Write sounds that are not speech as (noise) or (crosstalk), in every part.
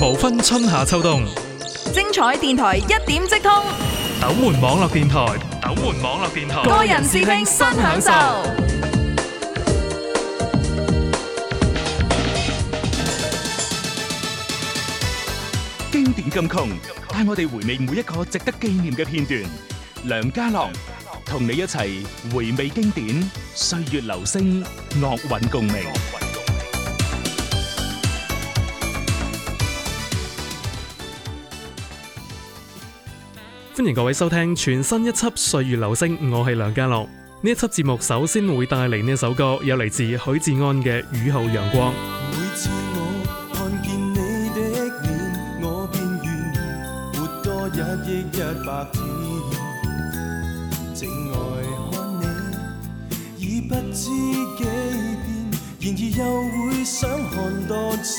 無分春夏秋冬，精彩電台一點即通。斗門網絡電台，斗門網絡電台，個人視聽，新享受。經典金曲，帶我哋回味每一個值得紀念嘅片段。梁家朗，同你一齊回味經典，歲月留聲，樂韻共鳴。歡迎各位收聽全新一輯《歲月留聲》，我係梁家樂。呢一輯節目首先會帶嚟呢首歌，有嚟自許志安嘅《雨後陽光》。每次我看見你的面，我便願活多日億日白天。愛看你，已不知幾遍，然而又會想看多次。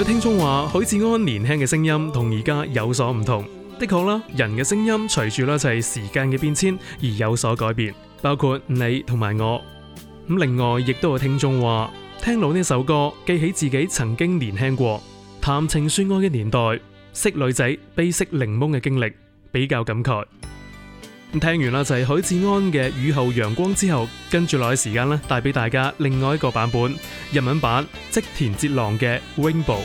有聽眾話許志安年輕嘅聲音同而家有所唔同，的確啦，人嘅聲音隨住呢就係時間嘅變遷而有所改變，包括你同埋我。咁另外亦都有聽眾話聽到呢首歌，記起自己曾經年輕過，談情說愛嘅年代，識女仔、悲識檸檬嘅經歷，比較感慨。聽完啦就係許志安嘅雨後陽光之後，跟住落去時間呢，帶俾大家另外一個版本，日文版捷的，即田節郎嘅《Wingbow》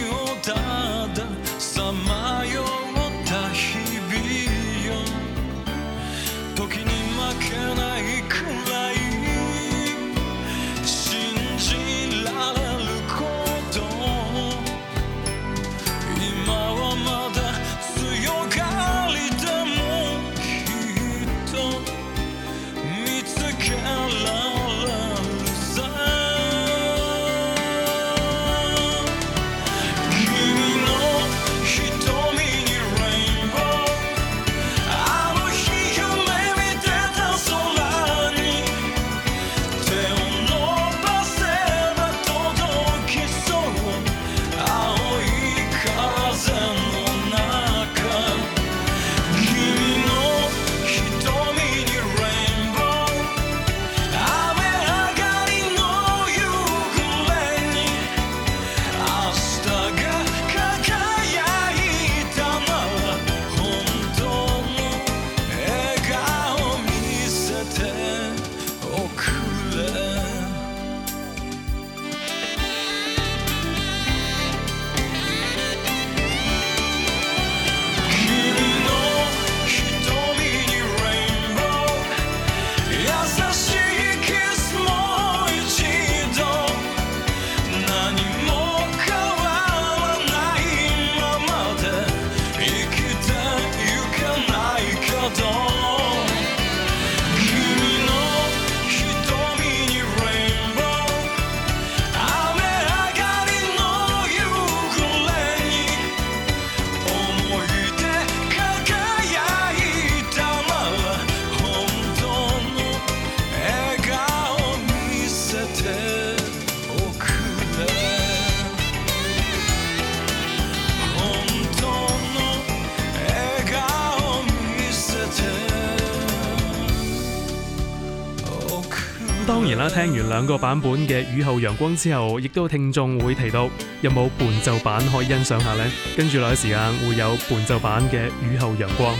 當然啦，聽完兩個版本嘅《雨後陽光》之後，亦都聽眾會提到有冇伴奏版可以欣賞下呢？跟住落嚟時間會有伴奏版嘅《雨後陽光》。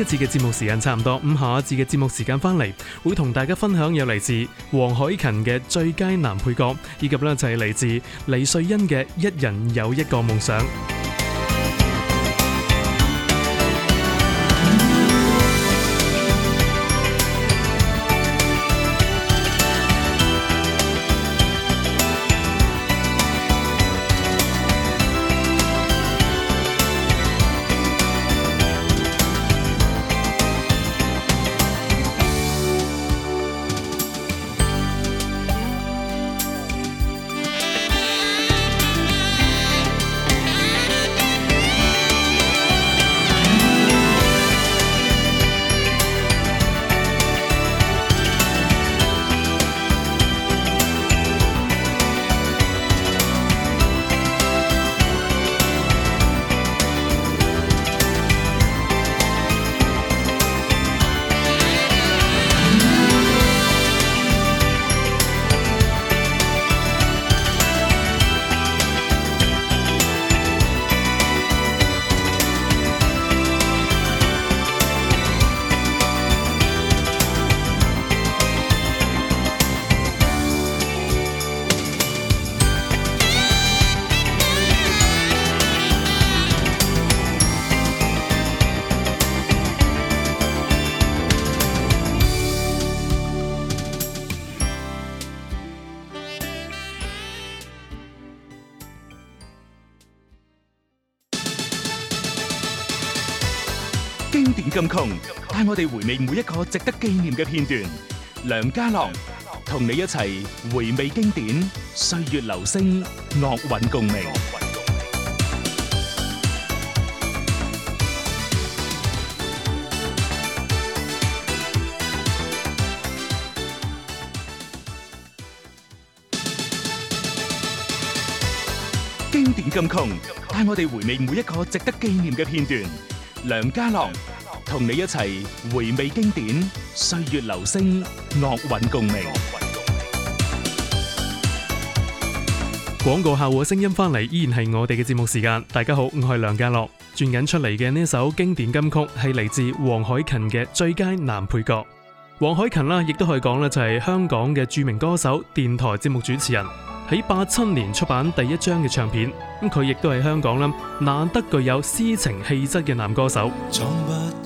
一次嘅節目時間差唔多，咁下一次嘅節目時間翻嚟，會同大家分享有嚟自黃凱芹嘅最佳男配角，以及呢就係嚟自黎瑞恩嘅一人有一個夢想。金曲，帶我哋回味每一個值得紀念嘅片段。梁家朗，同你一齊回味經典，歲月留聲，樂韻共鳴。 (music) 經典金曲，帶我哋回味每一個值得紀念嘅片段。梁家朗。同你一齊回味經典，歲月留聲，樂韻共鳴。廣告效果聲音翻嚟，依然係我哋嘅節目時間。大家好，我係梁家樂。轉緊出嚟嘅呢一首經典金曲，係嚟自黃凱芹嘅《最佳男配角》王。黃凱芹啦，亦都可以講呢就係香港嘅著名歌手、電台節目主持人。喺八七年出版第一張嘅唱片，咁佢亦都係香港啦，難得具有詩情氣質嘅男歌手。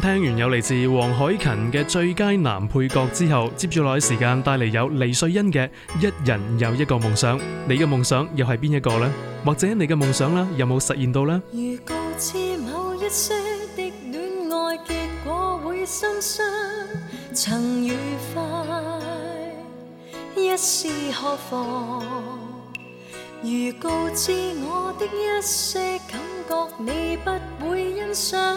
聽完有嚟自黃海琴嘅最佳男配角，之後接住落時間帶嚟有黎瑞恩嘅一人有一個夢想，你嘅夢想又係邊一個呢？或者你嘅夢想呢，有冇實現到呢？如告知某一些的戀愛結果會心傷，曾愉快一時何妨，如告知我的一些感覺你不會欣賞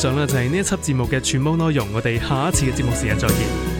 上喇就係呢一輯節目嘅全部內容，我哋下一次嘅節目時間再見。